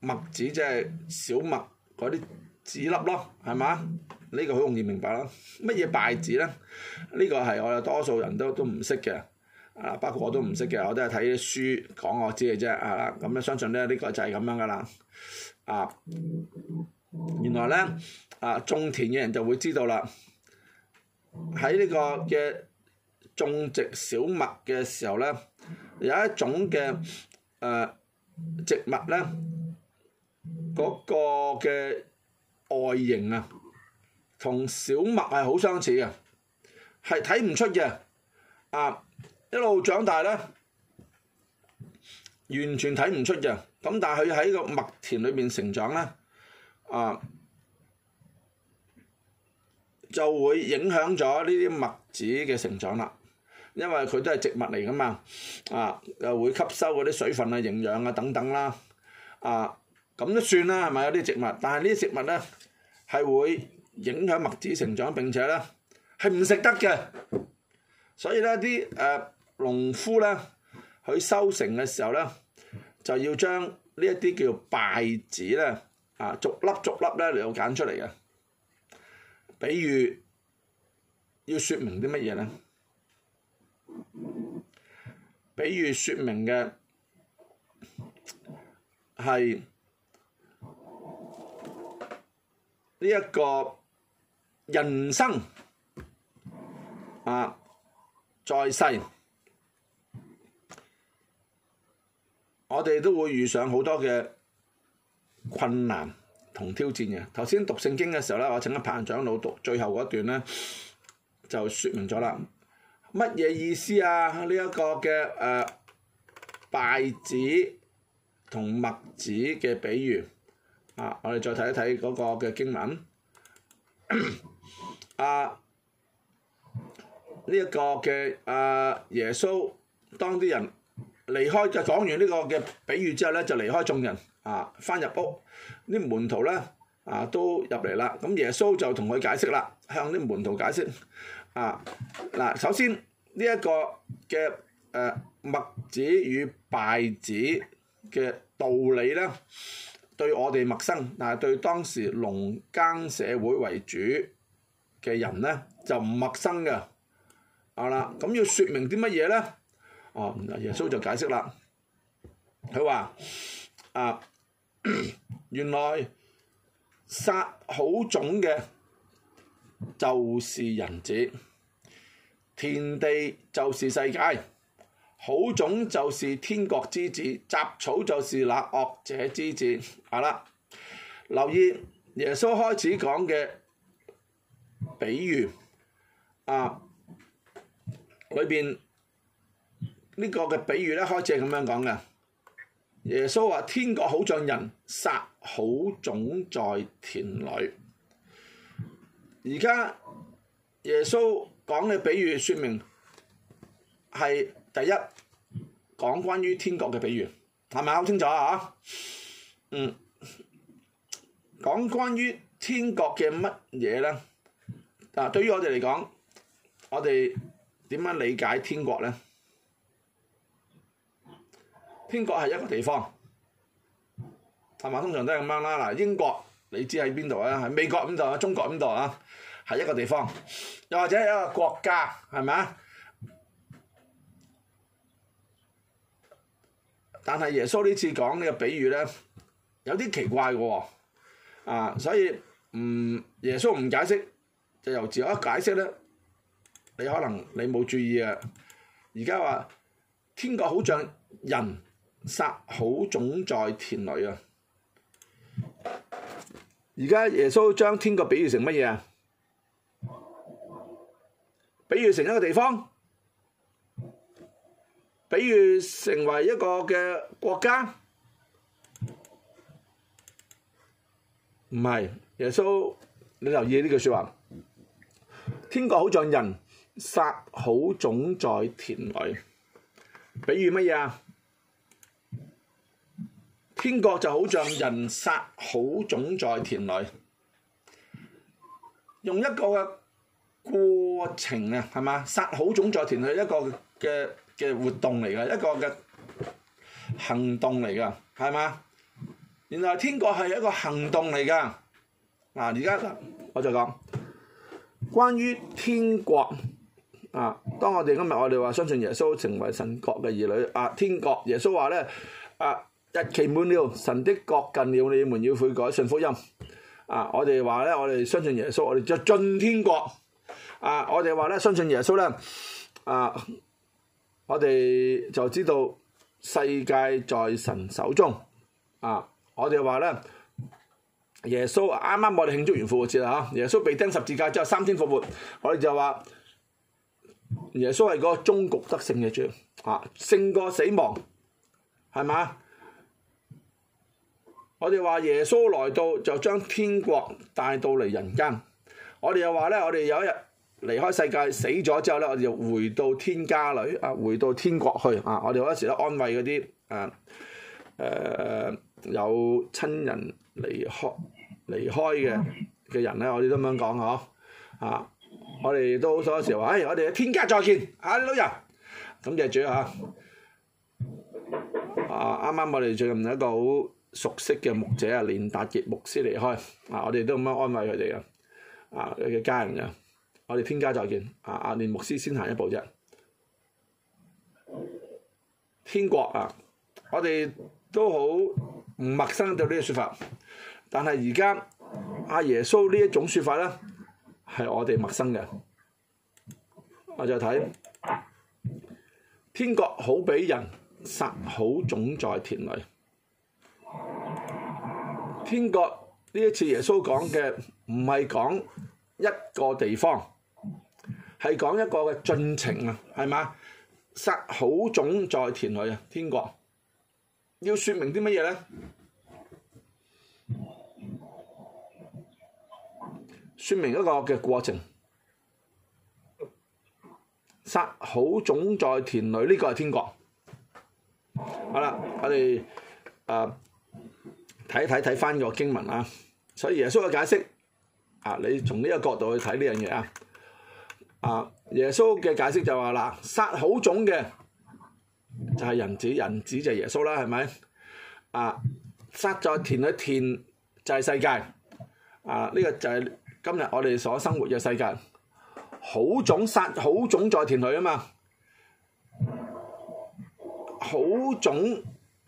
麥子即係、就是、小麥嗰啲子粒咯，係嘛？呢、這個好容易明白咯。乜嘢稗子咧？呢、這個係我哋多數人都都唔識嘅，啊包括我都唔識嘅，我都係睇啲書講我知嘅啫。啊咁咧，相信咧呢個就係咁樣噶啦。啊，原來咧啊種田嘅人就會知道啦。喺呢個嘅種植小麥嘅時候咧，有一種嘅誒、呃、植物咧。嗰個嘅外形啊，同小麥係好相似嘅，係睇唔出嘅。啊，一路長大咧，完全睇唔出嘅。咁但係佢喺個麥田裏面成長咧，啊，就會影響咗呢啲麥子嘅成長啦。因為佢都係植物嚟㗎嘛，啊，又會吸收嗰啲水分啊、營養啊等等啦，啊。咁都算啦，係咪有啲植物？但係呢啲植物咧，係會影響麥子成長，並且咧，係唔食得嘅。所以咧，啲誒農夫咧，佢收成嘅時候咧，就要將呢一啲叫稗子咧，啊逐粒逐粒咧嚟到揀出嚟嘅。比如要説明啲乜嘢咧？比如説明嘅係。呢一個人生啊，在世，我哋都會遇上好多嘅困難同挑戰嘅。頭先讀聖經嘅時候咧，我請阿彭長老讀最後嗰一段咧，就説明咗啦。乜嘢意思啊？呢、呢、一個嘅誒稗子同麥子嘅比喻。啊！我哋再睇一睇嗰個嘅經文。 啊，呢、這、一個嘅啊，耶穌當啲人離開就講完呢個嘅比喻之後咧，就離開眾人啊，返入屋。啲門徒咧啊都入嚟啦，咁耶穌就同佢解釋啦，向啲門徒解釋啊。嗱、啊，首先呢一、這個嘅誒麥子與稗子嘅道理咧。對我哋陌生，但係對當時農耕社會為主嘅人咧，就唔陌生嘅。好、嗯、啦，咁要説明啲乜嘢咧？哦，耶穌就解釋啦，佢話：啊， 原來撒好種嘅就是人子，田地就是世界。好種就是天國之子，雜草就是那惡者之子，好啦。留意耶穌開始講嘅比喻，啊，裏邊呢個嘅比喻咧，開始係咁樣講嘅。耶穌話：天國好像人撒好種在田裏，而家耶穌講嘅比喻，説明係。第一講關於天國嘅比喻，係咪啊？好清楚啊嚇，嗯，講關於天國嘅乜嘢咧？嗱，對於我哋嚟講，我哋點樣理解天國咧？天國係一個地方，係咪？通常都係咁樣啦。嗱，英國你知喺邊度啊？喺美國邊度啊？中國邊度啊？係一個地方，又或者係一個國家，係咪啊？但係耶穌呢次講呢個比喻咧，有啲奇怪嘅喎，啊，所以唔耶穌唔解釋，就由自我解釋咧。你可能你冇注意啊，而家話天國好像人撒好種在田裏啊。而家耶穌將天國比喻成乜嘢啊？比喻成一個地方。比喻成為一個嘅國家，唔係耶穌，你留意呢句說話。天國好像人撒好種在田裏，比喻乜嘢啊？天國就好像人撒好種在田裏，用一個嘅過程啊，係嘛？撒好種在田裏一個嘅。嘅活動嚟噶，一個嘅行動嚟噶，係嘛？原來天國係一個行動嚟噶。嗱，啊，而家我就講關於天國。啊，當我哋今日我哋話相信耶穌成為神國嘅兒女啊，天國耶穌話咧啊，日期滿了，神的國近了，你們要悔改信福音。啊，我哋話咧，我哋相信耶穌，我哋就進天國。啊，我哋話咧，相信耶穌咧，啊。我哋就知道世界在神手中，啊！我哋話咧，耶穌啱啱我哋慶祝完復活節啦嚇，耶穌被釘十字架之後三天復活，我哋就話耶穌係個終局得勝嘅主，嚇，勝過死亡，係嘛？我哋話耶穌來到就將天國帶到嚟人間，我哋又話咧，我哋有一日，離開世界死咗之後咧，我哋又回到天家裏，啊，回到天國去，啊，我哋好多時都安慰嗰啲，誒、啊、誒、呃、有親人離開離開嘅嘅人咧，我哋都咁樣講，嗬，啊，我哋都好多時話，誒、哎，我哋喺天家再見，嚇、啊，老友，咁謝主嚇，啊，啱、啊、啱我哋最近有一個好熟悉嘅牧者啊，連達傑牧師離開，啊，我哋都咁樣安慰佢哋啊，啊，佢嘅家人啊。我哋天家，再見，阿阿連牧師先行一步啫。天國啊，我哋都好陌生對呢個説法，但係而家阿耶穌呢一種説法咧，係我哋陌生嘅。我就睇，天國好比人撒好種在田裏。天國呢一次耶穌講嘅唔係講一個地方，係講一個嘅進程啊，係嘛？撒好種在田裏啊，天國要説明啲乜嘢咧？説明一個嘅過程。撒好種在田裏，呢個係天國。好啦，我哋誒睇睇睇翻個經文啊。所以耶穌嘅解釋啊，你從呢個角度去睇呢樣嘢啊。啊！耶穌嘅解釋就話啦，撒好種嘅就係人子，人子就係耶穌啦，係咪？啊！撒在田裏，田就係世界，啊！呢個就係今日我哋所生活嘅世界。好種，撒好種在田裏啊嘛，好種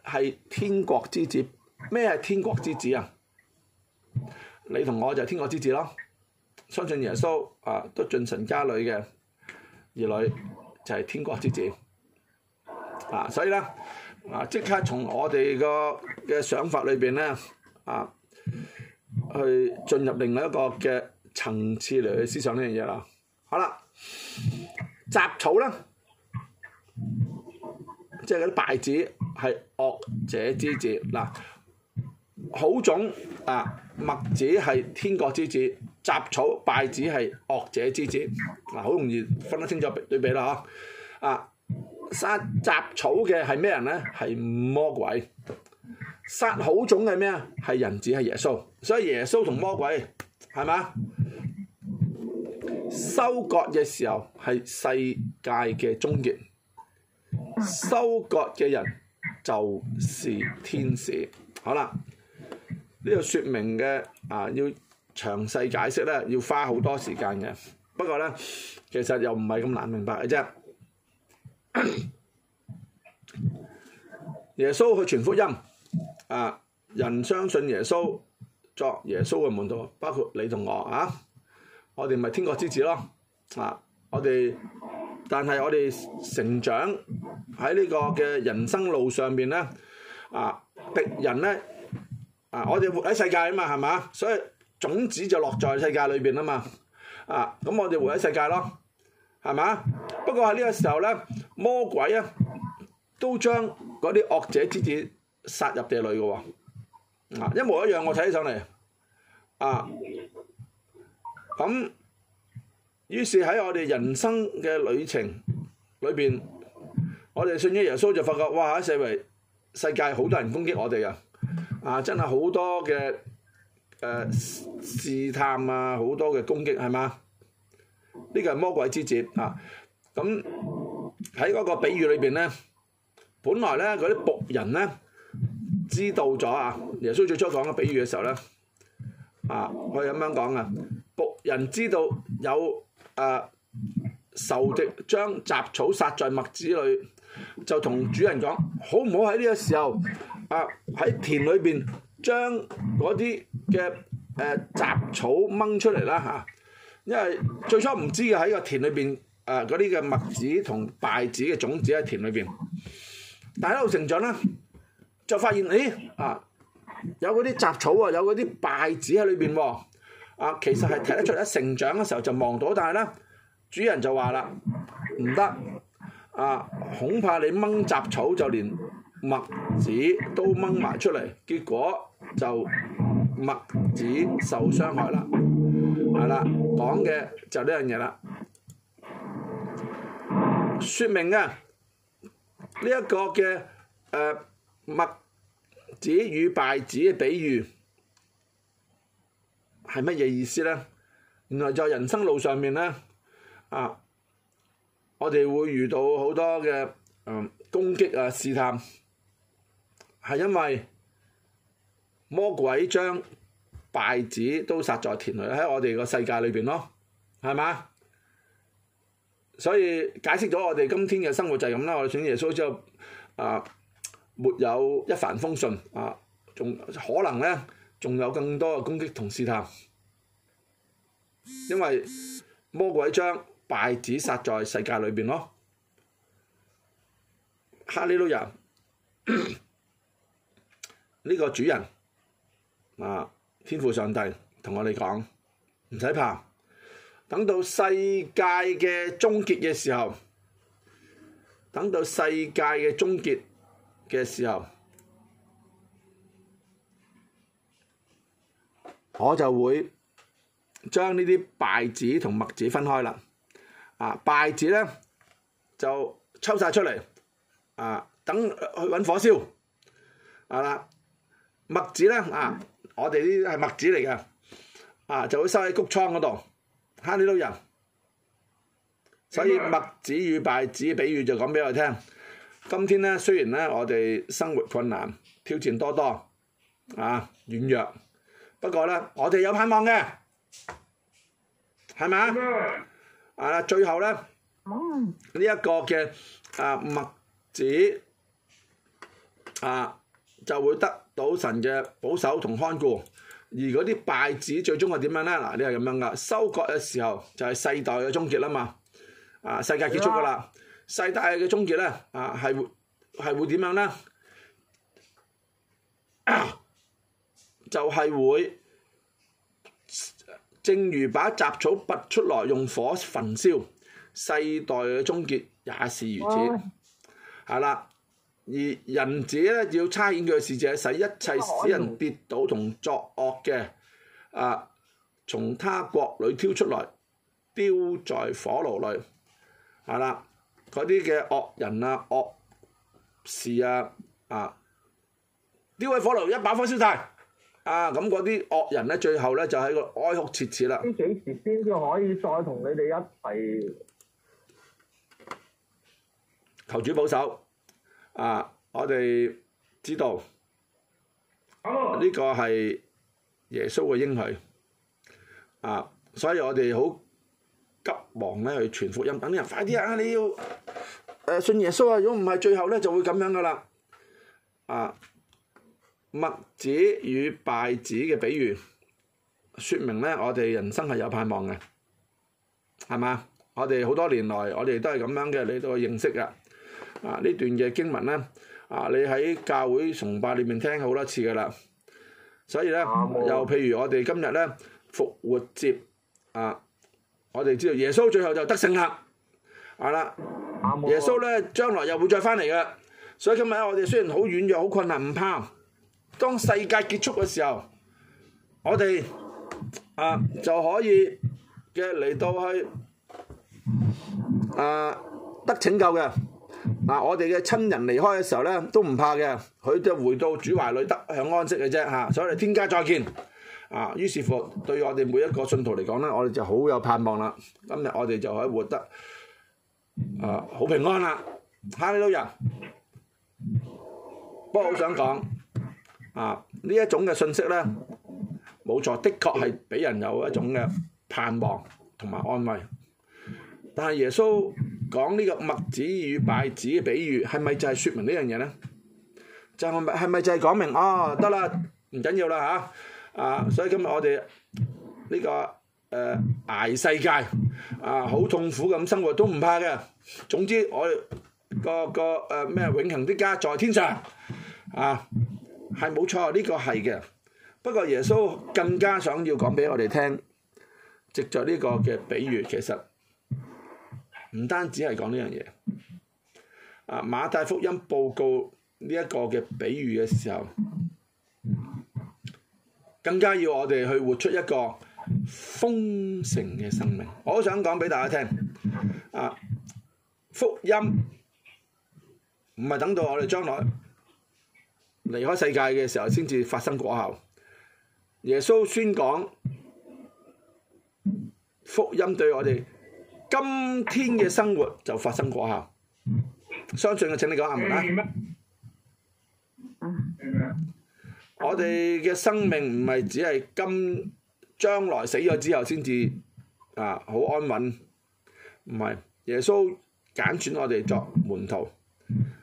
係天國之子，咩係天國之子啊？你同我就係天國之子咯。相信耶穌啊，都進神家裏嘅兒女就係天國之子啊！所以啦，啊，即刻從我哋個嘅想法裏邊咧啊，去進入另外一個嘅層次嚟去思想、啊、呢樣嘢啦。好啦，雜草啦，即係嗰啲敗子係惡者之子嗱、啊，好種啊，麥子係天國之子。雜草稗子係惡者之子，嗱，好容易分得清楚對比啦嗬。啊，殺雜草嘅係咩人咧？係魔鬼。殺好種係咩啊？係人子，係耶穌。所以耶穌同魔鬼係嘛？收割嘅時候係世界嘅終結，收割嘅人就是天使。好啦，呢度説明嘅啊要。詳細解釋咧，要花好多時間嘅。不過咧，其實又唔係咁難明白嘅啫。 耶穌去傳福音，啊，人相信耶穌，作耶穌嘅門徒，包括你同我啊。我哋咪天國之子咯，啊！我哋，但係我哋成長喺呢個嘅人生路上面咧，啊，敵人咧，啊，我哋活喺世界啊嘛，係嘛，所以。種子就落在世界裏邊啊嘛，啊咁我哋活喺世界咯，係嘛？不過喺呢個時候咧，魔鬼啊，都將嗰啲惡者之子殺入地裏嘅喎，啊一模一樣，我睇起上嚟，啊咁，於是喺我哋人生嘅旅程裏邊，我哋信咗耶穌就發覺，哇喺世圍世界好多人攻擊我哋啊，啊真係好多嘅。誒、呃、試探啊，好多嘅攻擊係嘛？呢個係魔鬼之子啊！咁喺嗰個比喻裏邊咧，本來咧嗰啲僕人咧知道咗啊！耶穌最初講嘅比喻嘅時候咧，啊，可以咁樣講啊，僕人知道有誒、啊、仇敵將雜草撒在麥子裏，就同主人講：好唔好喺呢個時候啊喺田裏邊？將嗰啲嘅誒雜草掹出嚟啦嚇，因為最初唔知嘅喺個田裏邊誒嗰啲嘅麥子同稗子嘅種子喺田裏邊，但喺度成長咧，就發現咦啊，有嗰啲雜草啊、有嗰啲稗子喺裏邊啊，其實係睇得出，一成長嘅時候就望到，但係咧主人就話啦，唔得，啊恐怕你掹雜草就連麥子都掹埋出嚟，結果。就麥子受傷害啦，係啦，講嘅就呢樣嘢啦，說明啊呢一個嘅誒麥子與敗子嘅比喻係乜嘢意思咧？原來在人生路上面咧，啊，我哋會遇到好多嘅嗯攻擊啊、試探，係因為。魔鬼將稗子都撒在田裏，喺我哋個世界裏面咯，係嘛？所以解釋咗我哋今天嘅生活就係咁啦。我選耶穌之後，啊，沒有一帆風順，啊，還可能呢，仲有更多嘅攻擊同試探，因為魔鬼將稗子撒在世界裏面咯。哈利路亞，呢、 這個主人。啊！天父上帝同我哋講，唔使怕，等到世界嘅終結嘅時候，等到世界嘅終結嘅時候，我就會將呢啲稗子同麥子分開啦。啊，稗子咧就抽晒出嚟，啊，等去搵火燒，係啦，麥子咧啊。我哋呢啲係麥子嚟嘅，啊就會收喺穀倉嗰度，慳啲都人，所以麥子與稗子嘅比喻就講俾我哋聽。今天咧雖然咧我哋生活困難，挑戰多多，啊軟弱，不過咧我哋有盼望嘅，係咪啊？啊最後咧呢一個嘅啊麥子啊就會得。到神嘅保守同看顧，而嗰啲稗子最終係點樣呢？嗱，你係咁樣噶，收割嘅時候就係世代嘅終結啦嘛，啊，世界結束噶啦，的世代嘅終結呢啊，係係會點樣呢？ 就係、是、會，正如把雜草拔出來用火焚燒，世代嘅終結也是如此，係啦的。而人子咧要差遣佢嘅使者，使一切使人跌倒同作惡嘅，啊，從他國裏挑出來，丟在火爐裏，係啦，嗰啲嘅惡人啊、惡事啊，啊，丟喺火爐，一把火燒曬，啊，咁嗰啲惡人咧，最後咧就喺個哀哭切齒啦。邊幾時邊啲可以再同你哋一齊？求主保守。啊！我哋知道呢、這個係耶穌嘅應許啊，所以我哋好急忙咧去傳福音，等啲人快啲啊！你要誒、啊、信耶穌啊！如果唔係，最後咧就會咁樣噶啦啊！麥子與稗子嘅比喻，說明咧我哋人生係有盼望嘅，係嘛？我哋好多年來，我哋都係咁樣嘅，你都認識嘅。啊！呢段嘅經文咧，啊你喺教會崇拜裡面聽好多次㗎喇，所以咧又譬如我哋今日咧復活節，啊我哋知道耶穌最後就得勝啦，係喇，耶穌咧將來又會再返嚟嘅，所以今日咧我哋雖然好軟弱、好困難，唔怕，當世界結束嘅時候，我哋啊就可以嘅嚟到去啊得拯救嘅。嗱、啊，我哋嘅親人離開嘅時候咧，都唔怕嘅，佢就回到主懷裡得享安息嘅啫嚇，所以你天家再見。啊，於是乎對我哋每一個信徒嚟講咧，我哋就好有盼望啦。今日我哋就可以活得啊好平安啦，哈利路亞。不過好想講啊，呢一種嘅信息咧，冇錯，的確係俾人有一種嘅盼望同埋安慰，但係耶穌。講呢個麥子與稗子嘅比喻，係咪就係説明呢樣嘢咧？就係咪係咪就係講明哦？得啦，唔緊要啦吓，啊，所以今日我哋呢、這個誒捱、呃、世界啊，好痛苦咁生活都唔怕嘅。總之我個個誒咩、啊、永恆的家在天上啊，係冇錯，呢、這個係嘅。不過耶穌更加想要講俾我哋聽，藉着呢個嘅比喻，其實。唔單止係講呢樣嘢，啊馬太福音報告呢一個嘅比喻嘅時候，更加要我哋去活出一個豐盛嘅生命。我想講俾大家聽，啊福音唔係等到我哋將來離開世界嘅時候先至發生果效，耶穌宣講福音對我哋，今天嘅生活就發生果效，相信啊！請你講下門啦。我哋嘅生命唔係只係今將來死咗之後先至啊好安穩，唔係耶穌揀選我哋作門徒，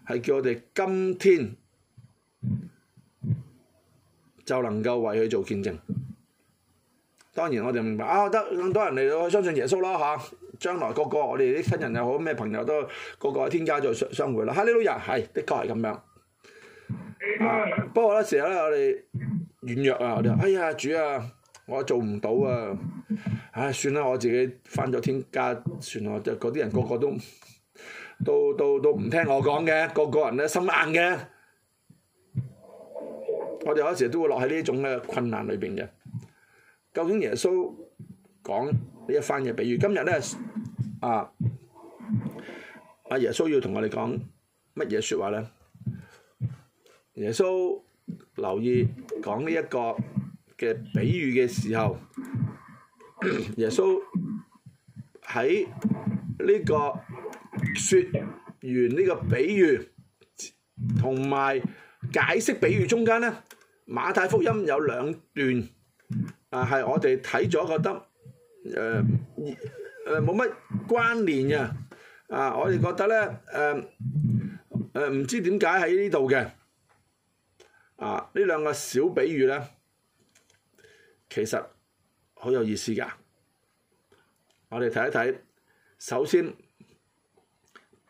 係叫我哋今天就能夠為佢做見證。當然我哋明白啊，得咁多人嚟到，我相信耶穌啦嚇。將來個個，我哋啲親人又好，咩朋友都個個天家再相相會啦！哈利路亞，係的確係咁樣。不過咧，有時咧我哋軟弱啊！我哋話哎呀主啊，我做唔到啊！唉，算啦，我自己翻咗天家，算啦，就嗰啲人個個都都都都唔聽我講嘅，個個人咧心硬嘅。我哋有時都會落喺呢種嘅困難裏邊嘅。究竟耶穌講呢一番嘅比喻，今日咧？啊！阿耶穌要同我哋講乜嘢説話咧？耶穌留意講呢一個嘅比喻嘅時候， 耶穌喺呢個説完呢個比喻同埋解釋比喻中間咧，馬太福音有兩段，啊係我哋睇咗覺得誒。呃誒冇乜關聯嘅，啊！我哋覺得咧，誒誒唔知點解喺呢度嘅，啊！呢兩個小比喻咧，其實好有意思㗎。我哋睇一睇，首先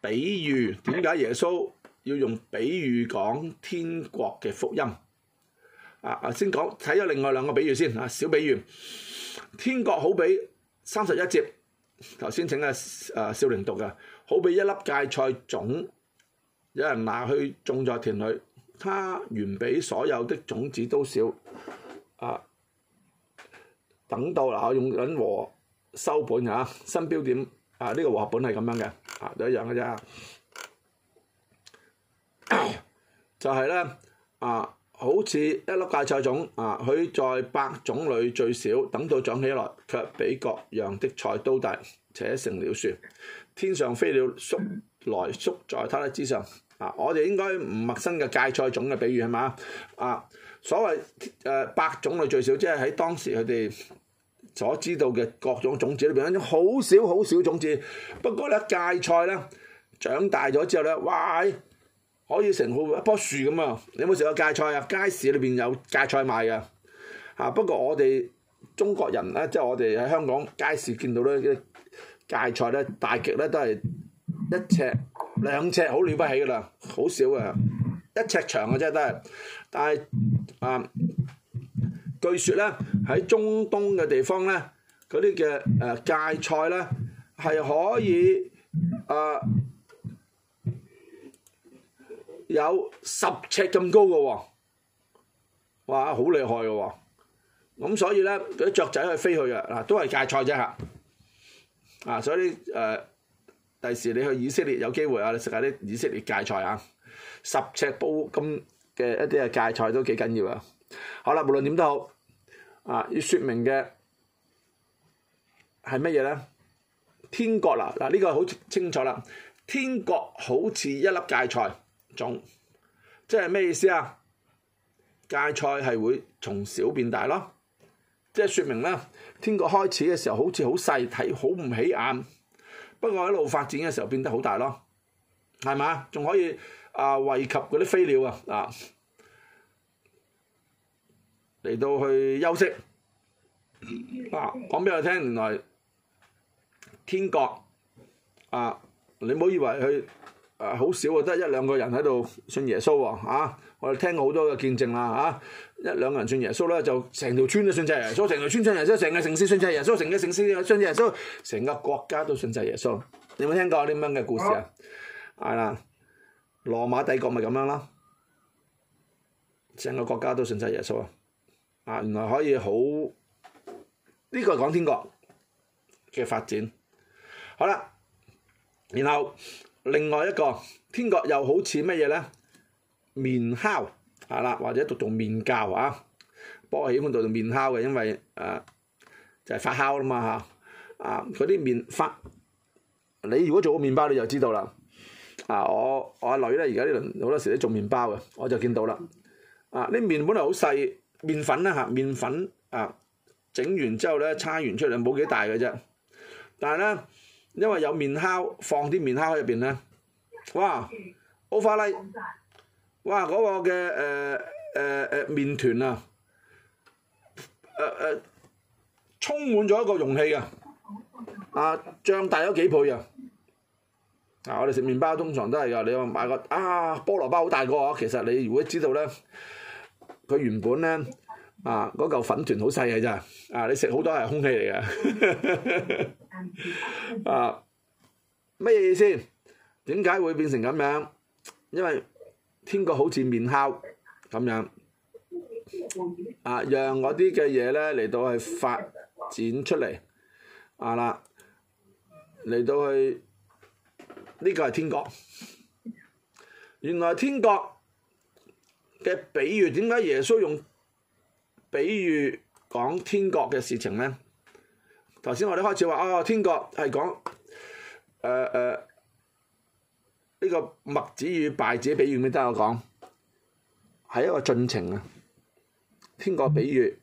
比喻點解耶穌要用比喻講天國嘅福音？啊！先講睇咗另外兩個比喻先啊，小比喻，天國好比三十一節。頭先請嘅誒、呃、少靈讀嘅，好比一粒芥菜種，有人拿去種在田裏，它原比所有的種子都少。啊，等到喇，我用緊和收本嚇、啊，新標點啊，呢、這個和合本係咁樣嘅，啊就一樣嘅啫、啊，就係、是、咧啊。好似一粒芥菜種，啊，佢在百種類最少，等到長起來，卻比各樣的菜都大，且成了樹。天上飛鳥宿來宿在他的枝上，啊，我哋應該唔陌生嘅芥菜種嘅比喻係嘛？啊，所謂誒、呃、百種類最少，即係喺當時佢哋所知道嘅各種種子裏邊，一種好少好少種子。不過咧，芥菜咧長大咗之後咧，哇！可以成好一樖樹咁啊！你有冇食過芥菜啊？街市裏邊有芥菜賣嘅，嚇！不過我哋中國人咧，即係我哋喺香港街市見到咧啲芥菜咧，大極咧都係一尺兩尺，好了不起㗎啦，好少啊。一尺長嘅啫都係。但係啊，據說咧喺中東嘅地方咧，嗰啲嘅誒芥菜咧係可以誒。啊有十尺咁高嘅喎、哦，哇，好厲害嘅喎、哦，咁所以咧，嗰啲雀仔去飛去嘅嗱，都係芥菜啫吓，啊，所以誒，第、呃、時你去以色列有機會啊，你食下啲以色列芥菜啊，十尺煲咁嘅一啲嘅芥菜都幾緊要啊。好啦，無論點都好，啊，要説明嘅係乜嘢咧？天國啦，嗱、啊、呢、這個好清楚啦，天國好似一粒芥菜。種，即係咩意思啊？芥菜係會從小變大咯，即係説明呢，天國開始嘅時候好似好細睇，好唔起眼，不過一路發展嘅時候變得好大咯，係嘛？仲可以啊，惠及嗰啲飛鳥啊，啊嚟到去休息。啊，講俾我聽，原來天國啊，你唔好以為佢。誒好少啊，得一兩個人喺度信耶穌喎，嚇！我哋聽過好多嘅見證啦，嚇！一兩個人信耶穌咧，就成條村都信耶穌，成條村信耶穌，成個城市信耶穌，成個城市信耶穌，成個國家都信耶穌。你有冇聽過啲咁樣嘅故事啊？係啦，羅馬帝國咪咁樣囉，成個國家都信耶穌啊！啊，原來可以好呢個係講天國嘅發展。好啦，然後。另外一個天國又好似乜嘢咧？麵酵係啦，或者讀做麵教啊。不過我喜歡讀做麵酵嘅，因為誒就係發酵啊嘛嚇。啊，嗰、就、啲、是啊、麵發，你如果做個麵包你就知道啦。啊，我我阿女咧而家呢輪好多時都做麵包嘅，我就見到啦。啊，啲麵本嚟好細，麵粉啦嚇，麵、啊、粉啊整完之後咧，搓完出嚟冇幾大嘅啫。但係咧。因為有麵酵，放啲麵酵喺入邊咧，哇，奧利、嗯，哇嗰、那個嘅誒誒誒麵團啊，誒、呃、誒充滿咗一個容器嘅，啊，啊，漲大咗幾倍啊！啊，我哋食麪包通常都係㗎，你話買個啊菠蘿包好大個啊，其實你如果知道咧，佢原本咧啊嗰嚿粉團好細嘅咋，啊、那個、啊你食好多係空氣嚟㗎。 啊！乜嘢意思？點解會變成咁樣？因為天國好似麵酵咁樣，啊，讓嗰啲嘅嘢咧嚟到去發展出嚟，啊啦，嚟到去呢、這個係天國。原來天國嘅比喻，點解耶穌用比喻講天國嘅事情咧？頭先我哋開始話哦，天國係講誒誒呢個麥子與稗子比喻，唔得我講，係一個進程啊。天國比喻，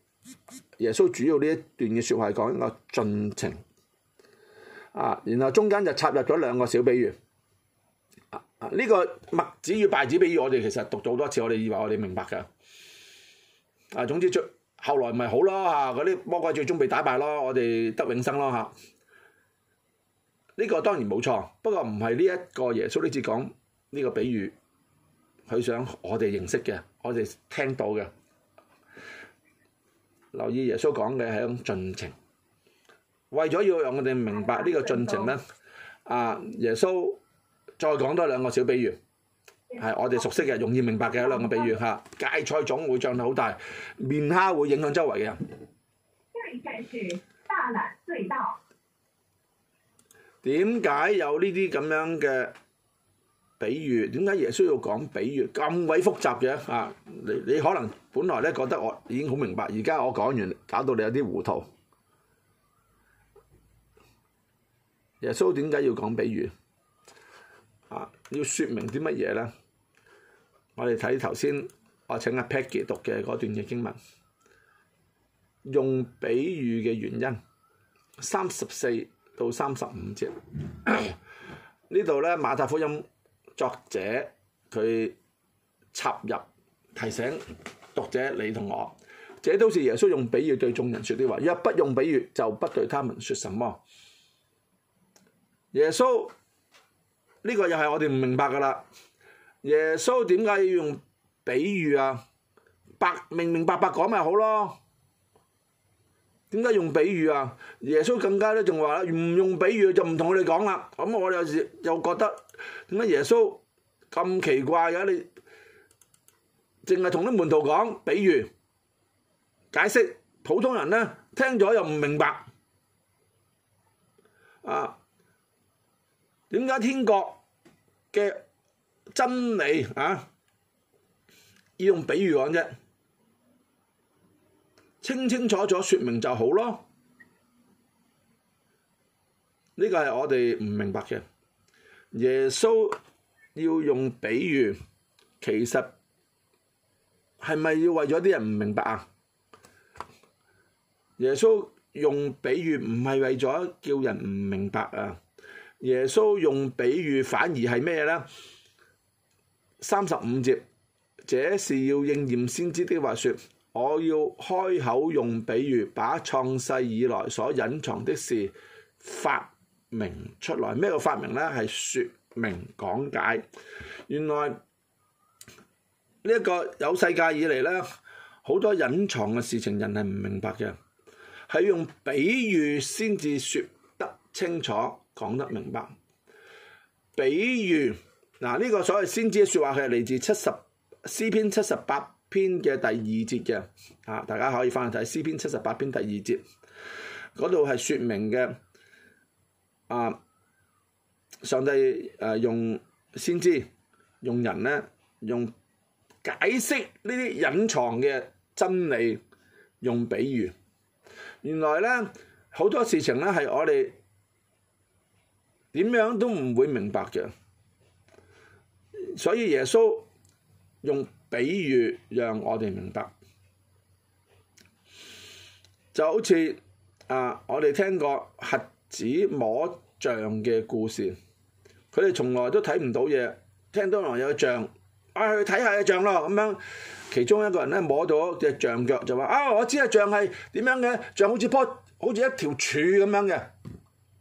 耶穌主要呢一段嘅説話係講一個進程啊。然後中間就插入咗兩個小比喻。啊呢、呢個麥子與稗子比喻，我哋其實讀咗好多次，我哋以為我哋明白嘅。啊，總之最後來咪好咯嚇，嗰啲魔鬼最終被打敗咯，我哋得永生咯嚇。呢、這個當然冇錯，不過唔係呢一個耶穌呢次講呢個比喻，佢想我哋認識嘅，我哋聽到嘅，留意耶穌講嘅係一種進程，為咗要讓我哋明白呢個進程咧，嗯、啊，耶穌再講多兩個小比喻。係，我哋熟悉嘅，容易明白嘅有兩個比喻嚇。芥菜種會長到好大，麵酵會影響周圍嘅人。今日是大難隧道。點解有呢啲咁樣嘅比喻？點解耶穌要講比喻咁鬼複雜嘅啊？你，你可能本來咧覺得我已經好明白，而家我講完搞到你有啲糊塗。耶穌點解要講比喻？啊，要説明啲乜嘢咧？我哋睇頭先，我請阿 Peggy 讀嘅嗰段嘅經文，用比喻嘅原因，三十四到三十五節， 呢度咧馬太福音作者佢插入提醒讀者你同我，這都是耶穌用比喻對眾人説的話。若不用比喻，就不對他們説什麼。耶穌呢、這個又係我哋唔明白噶啦。耶穌點解要用比喻啊？白明明白白講咪好咯？點解用比喻啊？耶穌更加咧仲話啦，唔用比喻就唔同我哋講啦。咁我有時又覺得點解耶穌咁奇怪嘅？你淨係同啲門徒講比喻，解釋普通人咧聽咗又唔明白啊？點解天國嘅真理啊，要用比喻講啫，清清楚楚說明就好咯。呢個係我哋唔明白嘅。耶穌要用比喻，其實係咪要為咗啲人唔明白啊？耶穌用比喻唔係為咗叫人唔明白啊。耶穌用比喻反而係咩咧？三十五節，這是要應驗先知的話説，我要開口用比喻，把創世以來所隱藏的事發明出來。咩叫發明呢？係説明、講解。原來呢一、這個有世界以嚟咧，好多隱藏嘅事情，人係唔明白嘅，係用比喻先至説得清楚，講得明白。比喻。嗱，呢個所謂先知嘅説話，佢係嚟自七十詩篇七十八篇嘅第二節嘅，啊，大家可以翻去睇詩篇七十八篇第二節，嗰度係説明嘅，啊，上帝誒、呃、用先知，用人咧，用解釋呢啲隱藏嘅真理，用比喻，原來咧好多事情咧係我哋點樣都唔會明白嘅。所以耶穌用比喻讓我哋明白，就好似啊我哋聽過瞎子摸象嘅故事，佢哋從來都睇唔到嘢，聽到話有個象，啊去睇下個象咯咁樣。其中一個人咧摸到隻象腳就話啊我知啊象係點樣嘅，象好似樖好似一條柱咁樣嘅，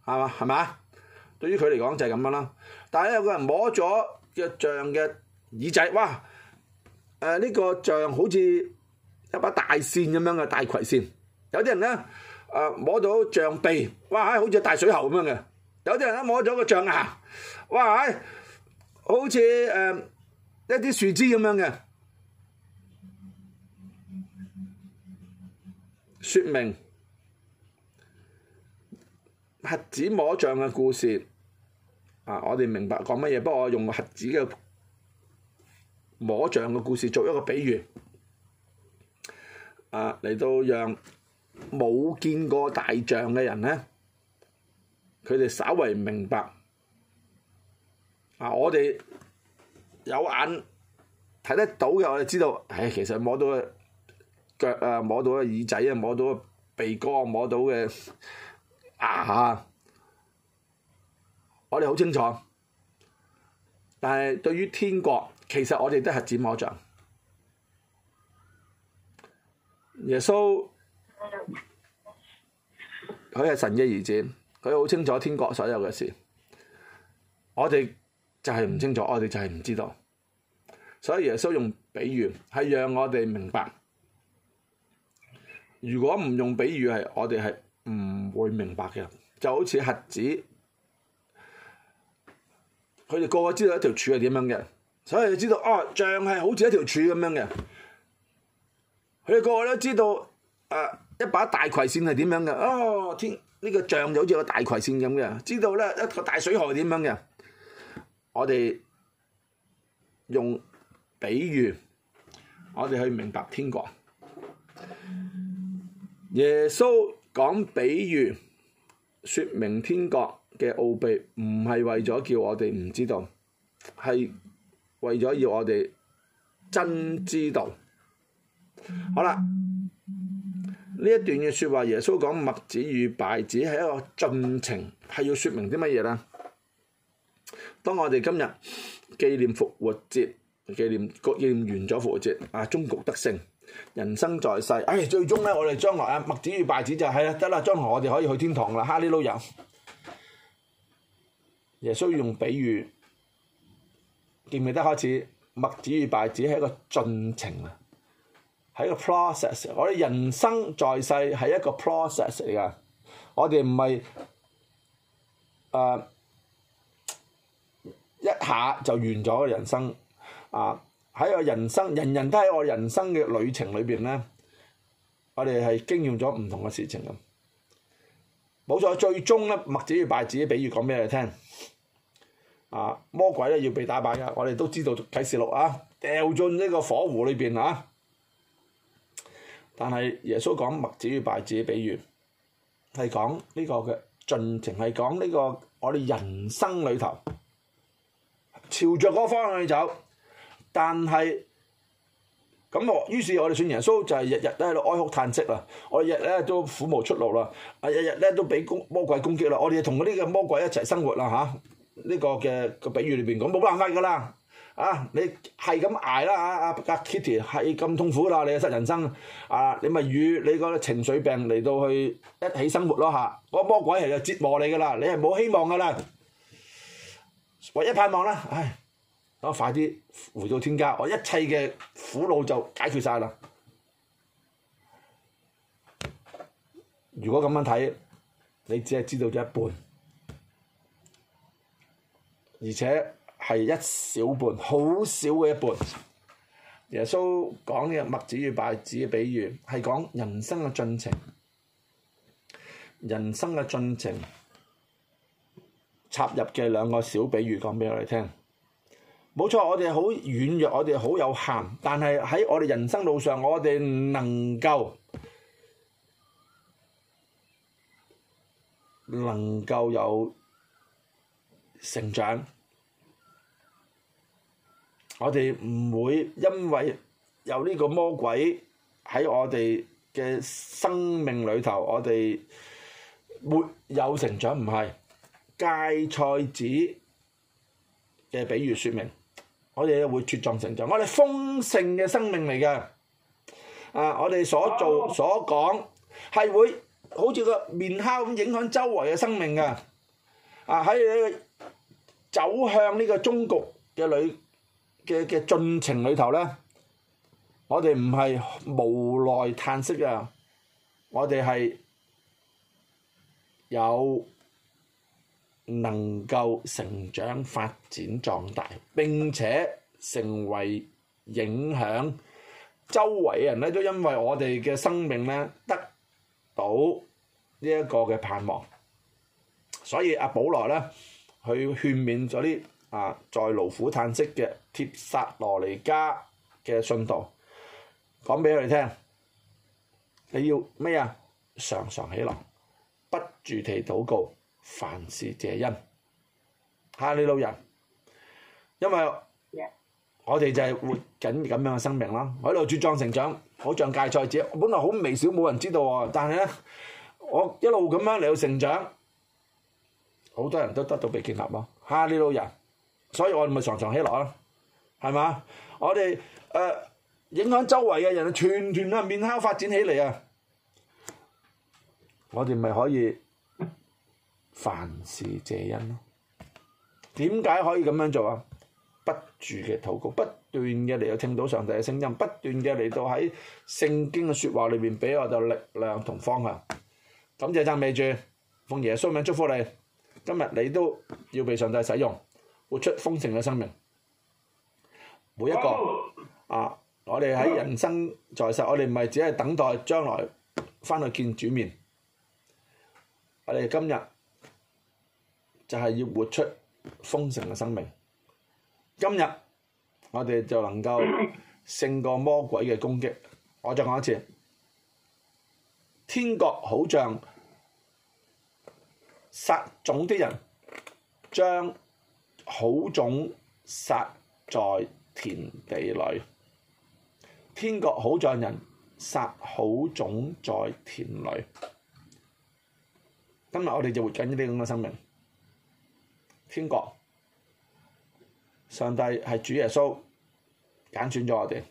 係嘛係嘛？對於佢嚟講就係咁樣啦。但係有個人摸咗嘅象嘅耳仔，哇！誒呢個象好似一把大扇咁樣嘅大葵扇。有啲人咧，誒摸到象鼻，哇！好似大水喉咁樣嘅。有啲人咧摸咗個象牙，哇！好似誒一啲樹枝咁樣嘅。説明瞎子摸象嘅故事。啊！我哋明白講乜嘢，不過我用個瞎子嘅摸象嘅故事做一個比喻，啊嚟到讓冇見過大象嘅人咧，佢哋稍為明白啊！我哋有眼睇得到嘅，我哋知道，唉、哎，其實摸到嘅腳啊，摸到嘅耳仔啊，摸到嘅鼻哥、啊，摸到嘅牙啊。我哋好清楚，但係對於天國，其實我哋都係指魔像。耶穌佢係神嘅兒子，佢好清楚天國所有嘅事。我哋就係唔清楚，我哋就係唔知道。所以耶穌用比喻係讓我哋明白。如果唔用比喻，係我哋係唔會明白嘅。就好似核子。佢哋個個知道一條柱係點樣嘅，所以就知道哦，象係好似一條柱咁樣嘅。佢哋個，個個都知道，誒、呃，一把大葵扇係點樣嘅。哦，天，呢、這個象就好似個大葵扇咁嘅。知道咧，一個大水河係點樣嘅。我哋用比喻，我哋去明白天國。耶穌講比喻，説明天國嘅奧秘唔係為咗叫我哋唔知道，係為咗要我哋真知道。好啦，呢一段嘅説話，耶穌講麥子與稗子係一個進程，係要説明啲乜嘢咧？當我哋今日紀念復活節，紀念國紀念完咗復活節啊，終局得勝，人生在世，唉、哎，最終咧，我哋將來啊，麥子與稗子就係、是、啦，得、哎、啦，將來我哋可以去天堂啦，哈利路亞。也需要用比喻，記唔記得開始麥子與稗子係一個進程啊，係一個 process。我哋人生在世係一個 process 嚟噶，我哋唔係誒一下就完咗人生啊！喺、呃、我人生，人人都喺我人生嘅旅程裏邊咧，我哋係經驗咗唔同嘅事情咁。冇錯，最終咧麥子與稗子嘅比喻講俾你聽。啊、魔鬼咧要被打敗噶，我哋都知道《啟示錄》啊，掉進呢個火湖裏邊啊。但係耶穌講麥子與稗子與比喻，係講呢個嘅盡情、這個，係講呢個我哋人生裏頭朝著嗰個方向去走。但係咁我於是，於是我哋算耶穌就係日日都喺度哀哭嘆息啦，我日咧都苦無出路啦，啊日日咧都俾攻魔鬼攻擊啦，我哋同嗰啲嘅魔鬼一齊生活啦嚇。啊呢個嘅、個比喻裏邊講冇辦法噶啦，啊你係咁捱啦嚇，啊啊 Kitty 係咁痛苦啦，你嘅失人生，啊你咪與你個情緒病嚟到去一起生活咯嚇，個魔鬼係就折磨你噶啦，你係冇希望噶啦，唯一盼望啦，唉，我快啲回到天家，我一切嘅苦惱就解決晒啦。如果咁樣睇，你只係知道咗一半。而且係一小半，好少嘅一半。耶穌講嘅麥子與稗子嘅比喻，係講人生嘅進程，人生嘅進程插入嘅兩個小比喻，講俾我哋聽。冇錯，我哋好軟弱，我哋好有限，但係喺我哋人生路上，我哋能夠能夠有成長。我哋唔會因為有呢個魔鬼喺我哋嘅生命裏頭，我哋會有成長，唔係？芥菜子嘅比喻説明，我哋咧會茁壯成長。我哋豐盛嘅生命嚟嘅，啊！我哋所做所講係會好似個麵酵咁影響周圍嘅生命嘅。啊，喺走向呢個中局嘅女嘅嘅進程裏頭咧，我哋唔係無奈嘆息啊，我哋係有能夠成長、發展、壯大，並且成為影響周圍人咧，都因為我哋嘅生命咧得到呢一個嘅盼望，所以阿保羅咧去勸勉咗啲，啊，在勞苦嘆息嘅帖撒羅尼迦嘅信徒，講俾佢哋聽，你要咩啊？常常喜樂，不住地禱告，凡事謝恩。哈利路人，因為我哋就係活緊咁樣嘅生命啦，我喺度茁壯成長，好像芥菜子，我本來好微小冇人知道喎，但係咧，我一路咁樣嚟到成長，好多人都得到被建立咯。哈利路人。所以我哋咪常常喜樂啦，係嘛？我哋誒、呃、影響周圍嘅人，團團啊面烤發展起嚟啊！我哋咪可以凡事謝恩咯。點解可以咁樣做啊？不住嘅禱告，不斷嘅嚟到聽到上帝嘅聲音，不斷嘅嚟到喺聖經嘅說話裏面俾我哋力量同方向。感謝讚美主，奉耶穌名祝福你。今日你都要被上帝使用。活出豐盛嘅生命，每一個啊，我哋喺人生在世，我哋唔係只係等待將來返去見主面，我哋今日就係要活出豐盛嘅生命。今日我哋就能夠勝過魔鬼嘅攻擊。我再講一次，天國好像撒種嘅人將。好種撒在田地裏，天國好像在人撒好種在田裏。今日我哋就活緊呢啲咁嘅生命，天國上帝係主耶穌揀選咗我哋，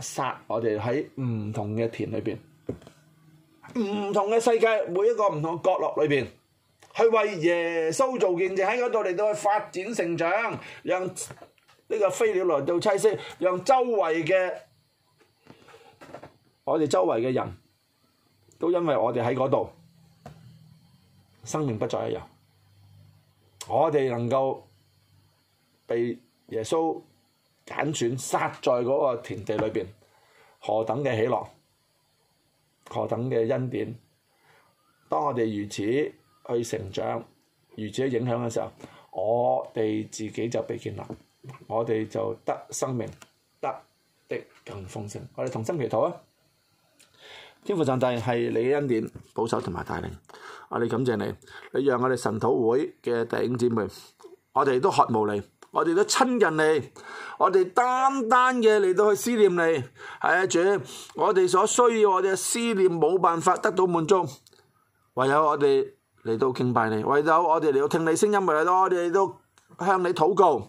撒我哋喺唔同嘅田裏邊，唔同嘅世界每一個唔同嘅角落裏邊。去為耶穌做見證，喺嗰度嚟到去發展成長，讓呢個飛鳥來到棲息，讓周圍嘅我哋周圍嘅人都因為我哋喺嗰度，生命不再一樣。我哋能夠被耶穌揀選，撒在嗰個田地裏邊，何等嘅喜樂，何等嘅恩典。當我哋如此。去成長，如此影響嘅時候，我哋自己就被建立，我哋就得生命得的更豐盛。我哋同心祈禱啊！天父上帝係你恩典保守同埋帶領，我哋感謝你，你讓我哋信徒會嘅弟兄姊妹，我哋都渴慕你，我哋都親近你，我哋單單嘅嚟到去思念你，係啊主，我哋所需要我哋嘅思念冇辦法得到滿足，唯有我哋。嚟到敬拜你，為咗我哋嚟聽你聲音，為咗我哋都向你禱告。